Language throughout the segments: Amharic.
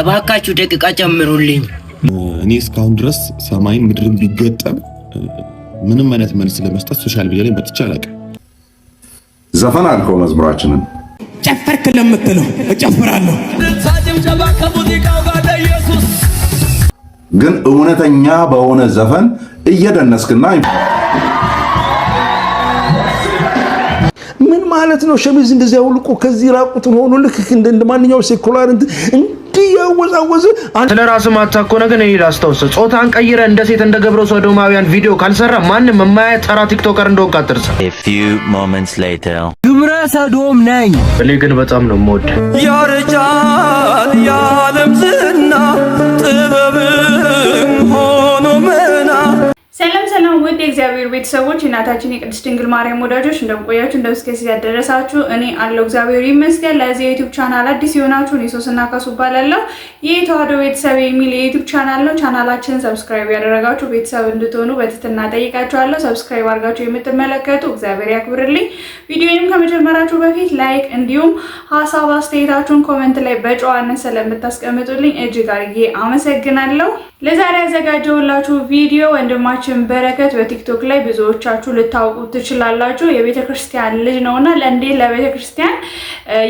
እባካችሁ ደቂቃ ጨምሩልኝ። እኔ እስካሁን ድረስ ሰማይን ምድርን ቢገጠም ምንም አይነት መልስ ለመስጠት ሶሻል ሚዲያ ላይ መጥቼ አላውቅም። ዘፈን አልከው መዝሙራችንን ጨፈርክ ለምትለው እጨፍራለሁ ግን እውነተኛ በሆነ ዘፈን እየደነስክና ምን ማለት ነው? ሸሚዝ እንደዚያ አውልቆ ከዚህ ራቁትን ሆኖ ልክ እንደ ማንኛውም ሴኩላር እንዲህ ያወዛወዘ ስለ ራስ ማታኮ ነገር ይሄ ላስታውስ። ጾታን ቀይረ እንደ ሴት እንደ ገብረ ሶዶማውያን ቪዲዮ ካልሰራ ማንም የማያየ ተራ ቲክቶከር እንደወቃ ትርሳ። ግብረ ሰዶም ነኝ እኔ ግን በጣም ነው የምወድ ያረጃል የዓለም ዝና ጥበብ ውድ የእግዚአብሔር ቤተሰቦች እናታችን የቅድስት ድንግል ማርያም ወዳጆች እንደምቆያችሁ እንደምስከስ ያደረሳችሁ እኔ አለው እግዚአብሔር ይመስገን። ለዚህ የዩቱብ ቻናል አዲስ የሆናችሁ እኔ ሶስና ከሱ እባላለሁ። ይህ ተዋህዶ ቤተሰብ የሚል የዩቱብ ቻናል ነው። ቻናላችንን ሰብስክራይብ ያደረጋችሁ ቤተሰብ እንድትሆኑ በትትና ጠይቃችኋለሁ። ሰብስክራይብ አድርጋችሁ የምትመለከቱ እግዚአብሔር ያክብርልኝ። ቪዲዮንም ከመጀመራችሁ በፊት ላይክ፣ እንዲሁም ሀሳብ አስተያየታችሁን ኮመንት ላይ በጨዋነት ስለምታስቀምጡልኝ እጅግ አድርጌ አመሰግናለሁ። ለዛሬ ያዘጋጀሁላችሁ ቪዲዮ ወንድማችን በረከት በቲክቶክ ላይ ብዙዎቻችሁ ልታውቁ ትችላላችሁ። የቤተ ክርስቲያን ልጅ ነውና እንዴት ለቤተ ክርስቲያን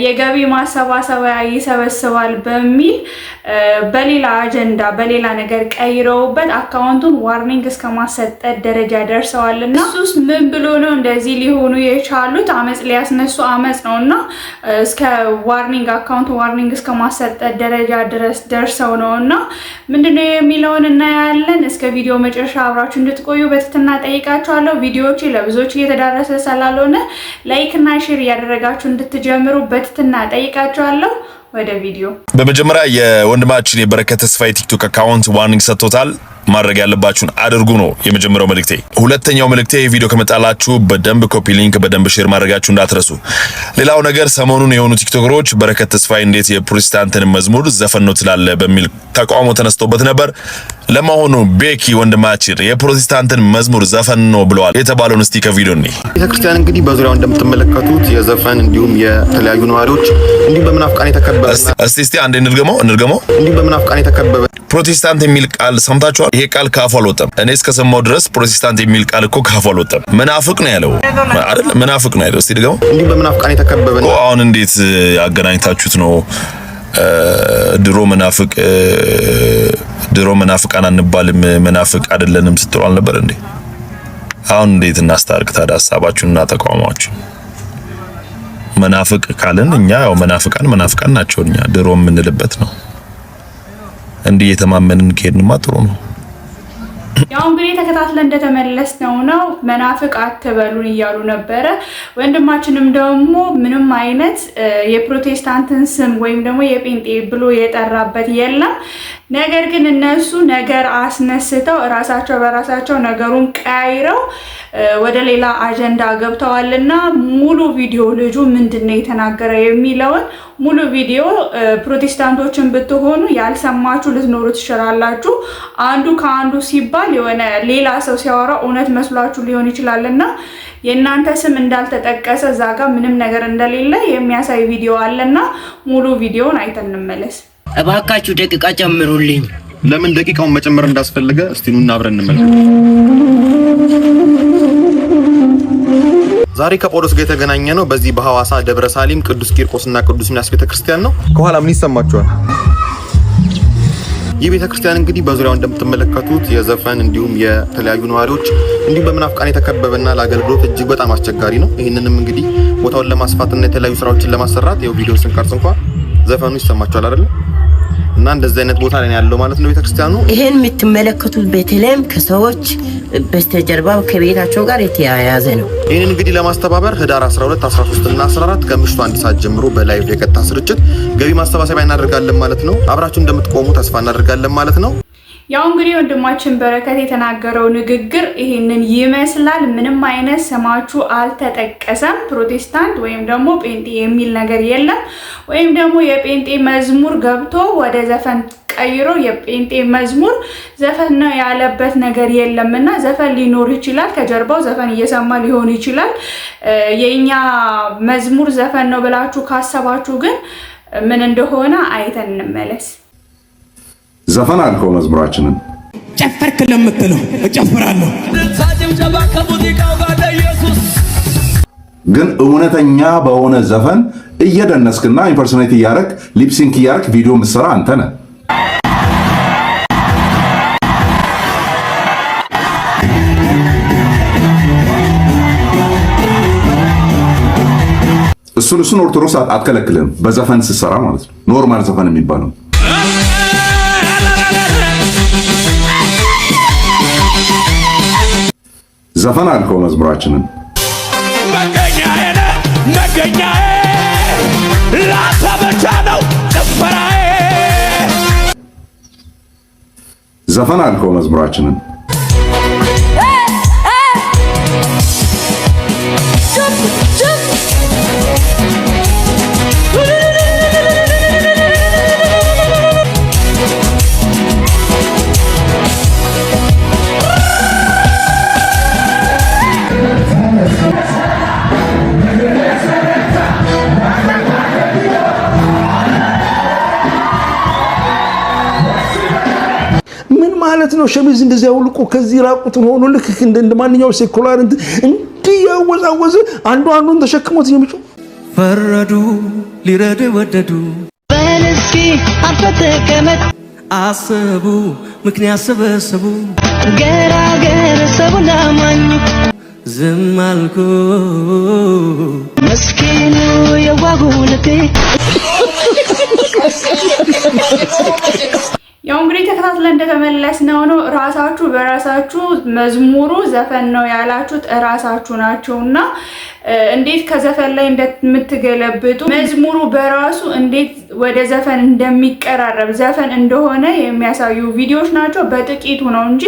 የገቢ ማሰባሰቢያ ይሰበስባል በሚል በሌላ አጀንዳ በሌላ ነገር ቀይረውበት አካውንቱን ዋርኒንግ እስከ ማሰጠት ደረጃ ደርሰዋልና እሱስ ምን ብሎ ነው እንደዚህ ሊሆኑ የቻሉት? አመፅ ሊያስነሱ አመፅ ነውና እስከ ዋርኒንግ አካውንቱ ዋርኒንግ እስከ ማሰጠት ደረጃ ድረስ ደርሰው ነውና ምንድነው የሚ የሚለውን እናያለን። እስከ ቪዲዮ መጨረሻ አብራችሁ እንድትቆዩ በትትና ጠይቃችኋለሁ። ቪዲዮዎቼ ለብዙዎች እየተዳረሰ ስላልሆነ ላይክ እና ሼር እያደረጋችሁ እንድትጀምሩ በትትና ጠይቃችኋለሁ። ወደ ቪዲዮ። በመጀመሪያ የወንድማችን የበረከት ተስፋ ቲክቶክ አካውንት ዋርኒንግ ሰጥቶታል። ማድረግ ያለባችሁን አድርጉ ነው የመጀመሪያው መልእክቴ። ሁለተኛው መልእክቴ ቪዲዮ ከመጣላችሁ በደንብ ኮፒ ሊንክ፣ በደንብ ሼር ማድረጋችሁ እንዳትረሱ። ሌላው ነገር ሰሞኑን የሆኑ ቲክቶከሮች በረከት ተስፋዬ እንዴት የፕሮቴስታንትን መዝሙር ዘፈን ነው ትላለ በሚል ተቃውሞ ተነስቶበት ነበር። ለመሆኑ ቤኪ ወንድማችን የፕሮቴስታንትን መዝሙር ዘፈን ነው ብለዋል የተባለውን እስቲ ከቪዲዮ እኔ ቤተክርስቲያን እንግዲህ በዙሪያው እንደምትመለከቱት የዘፈን እንዲሁም የተለያዩ ነዋሪዎች እንዲሁም በምናፍቃን የተከ እስቲ እስቲ አንዴ እንድገመው እንድገመው እንዲህ በምናፍቃን የተከበበ ፕሮቴስታንት የሚል ቃል ሰምታችኋል? ይሄ ቃል ካፉ አልወጣም። እኔ እስከሰማሁ ድረስ ፕሮቴስታንት የሚል ቃል እኮ ካፉ አልወጣም። መናፍቅ ነው ያለው አይደል? መናፍቅ ነው ያለው። እስቲ ድገመው። እንዲህ በምናፍቃን የተከበበ ነው። አሁን እንዴት ያገናኝታችሁት ነው? ድሮ መናፍቅ ድሮ መናፍቃን አንባልም መናፍቅ አይደለንም ስትሉ አልነበር እንዴ? አሁን እንዴት እናስታርቅ ታዲያ ሀሳባችሁንና ተቃውሟችሁን? መናፍቅ ካልን እኛ ያው መናፍቃን መናፍቃን ናቸው እኛ ድሮ የምንልበት ነው። እንዲህ የተማመንን ከሄድንማ ጥሩ ነው። ያው እንግዲህ ተከታትለ እንደተመለስ ነው ነው መናፍቅ አትበሉን እያሉ ነበረ። ወንድማችንም ደግሞ ምንም አይነት የፕሮቴስታንትን ስም ወይም ደግሞ የጴንጤ ብሎ የጠራበት የለም። ነገር ግን እነሱ ነገር አስነስተው እራሳቸው በራሳቸው ነገሩን ቀያይረው ወደ ሌላ አጀንዳ ገብተዋል እና ሙሉ ቪዲዮ ልጁ ምንድን ነው የተናገረ የሚለውን ሙሉ ቪዲዮ ፕሮቴስታንቶችን ብትሆኑ ያልሰማችሁ ልትኖሩ ትችላላችሁ። አንዱ ከአንዱ ሲባል የሆነ ሌላ ሰው ሲያወራ እውነት መስሏችሁ ሊሆን ይችላል እና የእናንተ ስም እንዳልተጠቀሰ እዛ ጋር ምንም ነገር እንደሌለ የሚያሳይ ቪዲዮ አለና ሙሉ ቪዲዮን አይተን እንመለስ። እባካችሁ ደቂቃ ጨምሩልኝ። ለምን ደቂቃውን መጨመር እንዳስፈለገ እስቲ ኑና አብረን እንመልከት። ዛሬ ከጳውሎስ ጋር የተገናኘ ነው በዚህ በሐዋሳ ደብረ ሳሊም ቅዱስ ቂርቆስና ቅዱስ ሚናስ ቤተክርስቲያን ነው። ከኋላ ምን ይሰማችኋል? ይህ ቤተክርስቲያን እንግዲህ በዙሪያው እንደምትመለከቱት የዘፈን እንዲሁም የተለያዩ ነዋሪዎች እንዲሁም በምናፍቃን የተከበበና ለአገልግሎት እጅግ በጣም አስቸጋሪ ነው። ይህንንም እንግዲህ ቦታውን ለማስፋትና የተለያዩ ስራዎችን ለማሰራት የቪዲዮ ስንቀርጽ እንኳ ዘፈኑ ይሰማችኋል አይደለም? እና እንደዚህ አይነት ቦታ ላይ ያለው ማለት ነው ቤተክርስቲያኑ። ይሄን የምትመለከቱት ቤተልሔም ከሰዎች በስተጀርባ ከቤታቸው ጋር የተያያዘ ነው። ይህን እንግዲህ ለማስተባበር ህዳር 12፣ 13 እና 14 ከምሽቱ አንድ ሰዓት ጀምሮ በላይቭ የቀጥታ ስርጭት ገቢ ማሰባሰቢያ እናደርጋለን ማለት ነው። አብራችሁ እንደምትቆሙ ተስፋ እናደርጋለን ማለት ነው። ያው እንግዲህ ወንድማችን በረከት የተናገረው ንግግር ይሄንን ይመስላል። ምንም አይነት ስማችሁ አልተጠቀሰም። ፕሮቴስታንት ወይም ደግሞ ጴንጤ የሚል ነገር የለም። ወይም ደግሞ የጴንጤ መዝሙር ገብቶ ወደ ዘፈን ቀይሮ የጴንጤ መዝሙር ዘፈን ነው ያለበት ነገር የለም እና ዘፈን ሊኖር ይችላል። ከጀርባው ዘፈን እየሰማ ሊሆን ይችላል። የእኛ መዝሙር ዘፈን ነው ብላችሁ ካሰባችሁ ግን ምን እንደሆነ አይተን እንመለስ። ዘፈን አልከው መዝሙራችንን ጨፈርክ ለምትለው እጨፍራለሁ። ግን እውነተኛ በሆነ ዘፈን እየደነስክና ኢምፐርሶኔት እያረክ ሊፕሲንክ እያረክ ቪዲዮ ምሰራ አንተ ነህ። እሱን እሱን ኦርቶዶክስ አትከለክልም። በዘፈን ስትሰራ ማለት ነው። ኖርማል ዘፈን የሚባለው ዘፈን አልከው መዝሙራችንን መገኛዬ ነህ መገኛዬ ዘፈን መዝሙራችንን እውነት ነው። ሸሚዝ እንደዚህ አውልቆ ከዚህ ራቁትን ሆኖ ልክ እንደ ማንኛው ሴኩላር እንዲህ ያወዛወዘ አንዱ አንዱን ተሸክሞት የሚጮ ፈረዱ ሊረድ ወደዱ በልስኪ አንተ ተቀመጥ አስቡ ምክንያት ሰበሰቡ ገራገር ሰቡና ማኙ ዝም አልኩ መስኪኑ የዋጉልቴ የተመለስን ነው። ራሳችሁ በራሳችሁ መዝሙሩ ዘፈን ነው ያላችሁት ራሳችሁ ናቸውና እንዴት ከዘፈን ላይ እንደምትገለብጡ መዝሙሩ በራሱ እንዴት ወደ ዘፈን እንደሚቀራረብ ዘፈን እንደሆነ የሚያሳዩ ቪዲዮዎች ናቸው። በጥቂቱ ነው እንጂ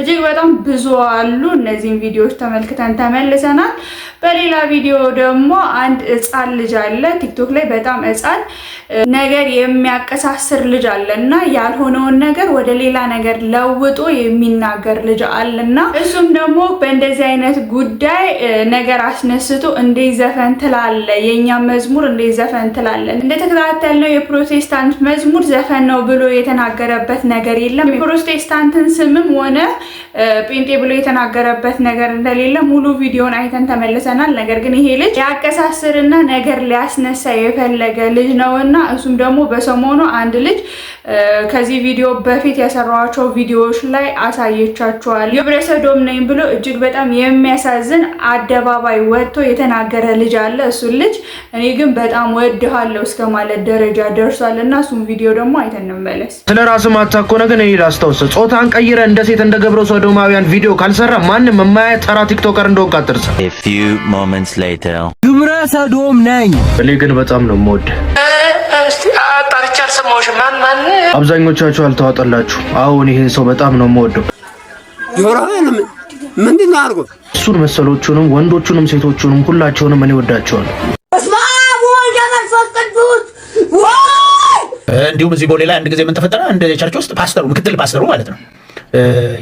እጅግ በጣም ብዙ አሉ። እነዚህን ቪዲዮዎች ተመልክተን ተመልሰናል። በሌላ ቪዲዮ ደግሞ አንድ ሕፃን ልጅ አለ ቲክቶክ ላይ በጣም ሕፃን ነገር የሚያቀሳስር ልጅ አለ እና ያልሆነውን ነገር ወደ ሌላ ነገር ለውጦ የሚናገር ልጅ አለ እና እሱም ደግሞ በእንደዚህ አይነት ጉዳይ ነገር አስነስቶ አንስቶ እንዴ ዘፈን ትላለ፣ የእኛ መዝሙር እንዴ ዘፈን ትላለ። እንደተከታተለው የፕሮቴስታንት መዝሙር ዘፈን ነው ብሎ የተናገረበት ነገር የለም። የፕሮቴስታንትን ስምም ሆነ ጴንጤ ብሎ የተናገረበት ነገር እንደሌለ ሙሉ ቪዲዮን አይተን ተመልሰናል። ነገር ግን ይሄ ልጅ ሊያቀሳስርና ነገር ሊያስነሳ የፈለገ ልጅ ነው እና እሱም ደግሞ በሰሞኑ አንድ ልጅ ከዚህ ቪዲዮ በፊት የሰራኋቸው ቪዲዮዎች ላይ አሳየቻቸዋል። ግብረ ነኝ ብሎ እጅግ በጣም የሚያሳዝን አደባባይ ወጥቶ የተናገረ ልጅ አለ። እሱን ልጅ እኔ ግን በጣም ወድሃለሁ እስከ ማለት ደረጃ ደርሷል እና እሱን ቪዲዮ ደግሞ አይተን እንመለስ። ስለ ራስ ማታ ከሆነ ግን እኔ ላስታውስ፣ ጾታን ቀይረ እንደ ሴት እንደ ገብረ ሶዶማውያን ቪዲዮ ካልሰራ ማንም የማያ ተራ ቲክቶከር እንደወቅ አትርሳ። ግብረ ሰዶም ነኝ እኔ ግን በጣም ነው ሞድ አብዛኞቻችሁ አልተዋጠላችሁ። አሁን ይህን ሰው በጣም ነው የምወደው። ምንድን ነው አድርጎ እሱን መሰሎቹንም ወንዶቹንም ሴቶቹንም ሁላቸውንም እኔ ወዳቸዋለሁ። እንዲሁም እዚህ ቦሌ ላይ አንድ ጊዜ ምን ተፈጠረ? አንድ ቸርች ውስጥ ፓስተሩ ምክትል ፓስተሩ ማለት ነው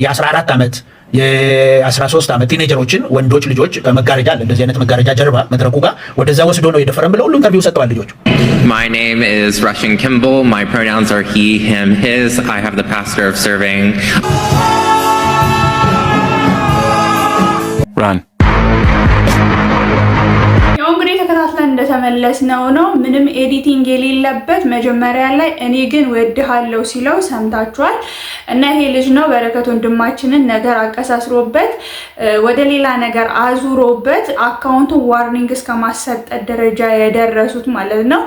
የ14 ዓመት የ13 ዓመት ቲኔጀሮችን ወንዶች ልጆች መጋረጃ አለ እንደዚህ አይነት መጋረጃ ጀርባ መድረኩ ጋር ወደዛ ወስዶ ነው የደፈረን ብለው ሁሉ ኢንተርቪው ሰጥተዋል። ልጆቹ My name is Russian Kimball. My pronouns are he, him, his. I have the pastor of serving. Run. የተመለስነው ነው። ምንም ኤዲቲንግ የሌለበት መጀመሪያ ላይ እኔ ግን ወድሃለሁ ሲለው ሰምታችኋል። እና ይሄ ልጅ ነው በረከት ወንድማችንን ነገር አቀሳስሮበት ወደ ሌላ ነገር አዙሮበት አካውንቱ ዋርኒንግ እስከማሰጠት ደረጃ የደረሱት ማለት ነው።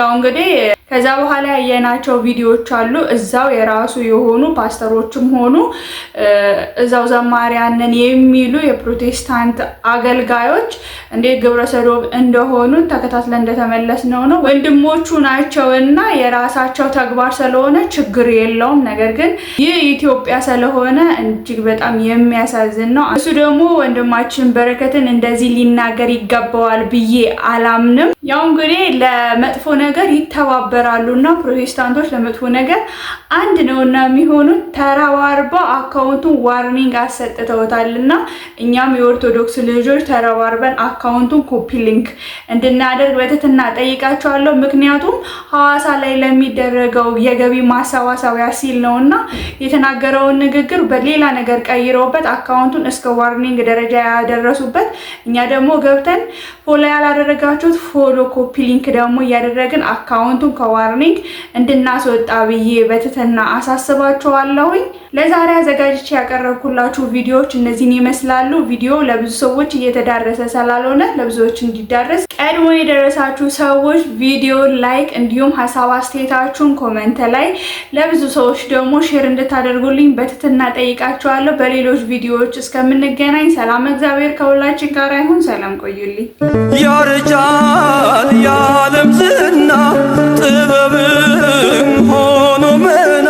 ያው እንግዲህ ከዛ በኋላ ያየናቸው ቪዲዮዎች አሉ። እዛው የራሱ የሆኑ ፓስተሮችም ሆኑ እዛው ዘማሪያንን የሚሉ የፕሮቴስታንት አገልጋዮች እንዴት ግብረ እንደሆኑ እንደሆኑ ተከታትለን እንደተመለስ ነው ነው ወንድሞቹ ናቸው እና የራሳቸው ተግባር ስለሆነ ችግር የለውም። ነገር ግን ይህ ኢትዮጵያ ስለሆነ እጅግ በጣም የሚያሳዝን ነው። እሱ ደግሞ ወንድማችን በረከትን እንደዚህ ሊናገር ይገባዋል ብዬ አላምንም። ያው እንግዲህ ለመጥፎ ነገር ይተባበራሉ እና ፕሮቴስታንቶች ለመጥፎ ነገር አንድ ነው እና የሚሆኑት ተረባርበው አካውንቱን ዋርኒንግ አሰጥተውታል እና እኛም የኦርቶዶክስ ልጆች ተረባርበን አካውንቱን ኮፒ ሊንክ እንድና እንድናደርግ በትህትና ጠይቃቸዋለሁ። ምክንያቱም ሐዋሳ ላይ ለሚደረገው የገቢ ማሰባሰቢያ ሲል ነው እና የተናገረውን ንግግር በሌላ ነገር ቀይረውበት አካውንቱን እስከ ዋርኒንግ ደረጃ ያደረሱበት፣ እኛ ደግሞ ገብተን ፎሎ ያላደረጋችሁት ፎሎ፣ ኮፒ ሊንክ ደግሞ እያደረግን አካውንቱን ከዋርኒንግ እንድናስወጣ ብዬ በትህትና አሳስባችኋለሁኝ። ለዛሬ አዘጋጅቼ ያቀረብኩላችሁ ቪዲዮዎች እነዚህን ይመስላሉ። ቪዲዮ ለብዙ ሰዎች እየተዳረሰ ስላልሆነ ለብዙዎች እንዲዳረስ ቀድሞ የደረሳችሁ ሰዎች ቪዲዮ ላይክ እንዲሁም ሀሳብ አስተያየታችሁን ኮመንት ላይ ለብዙ ሰዎች ደግሞ ሼር እንድታደርጉልኝ በትትና ጠይቃችኋለሁ። በሌሎች ቪዲዮዎች እስከምንገናኝ ሰላም፣ እግዚአብሔር ከሁላችን ጋር ይሁን። ሰላም ቆዩልኝ። ያረጃል የዓለም ዝና ጥበብም ሆኖ መን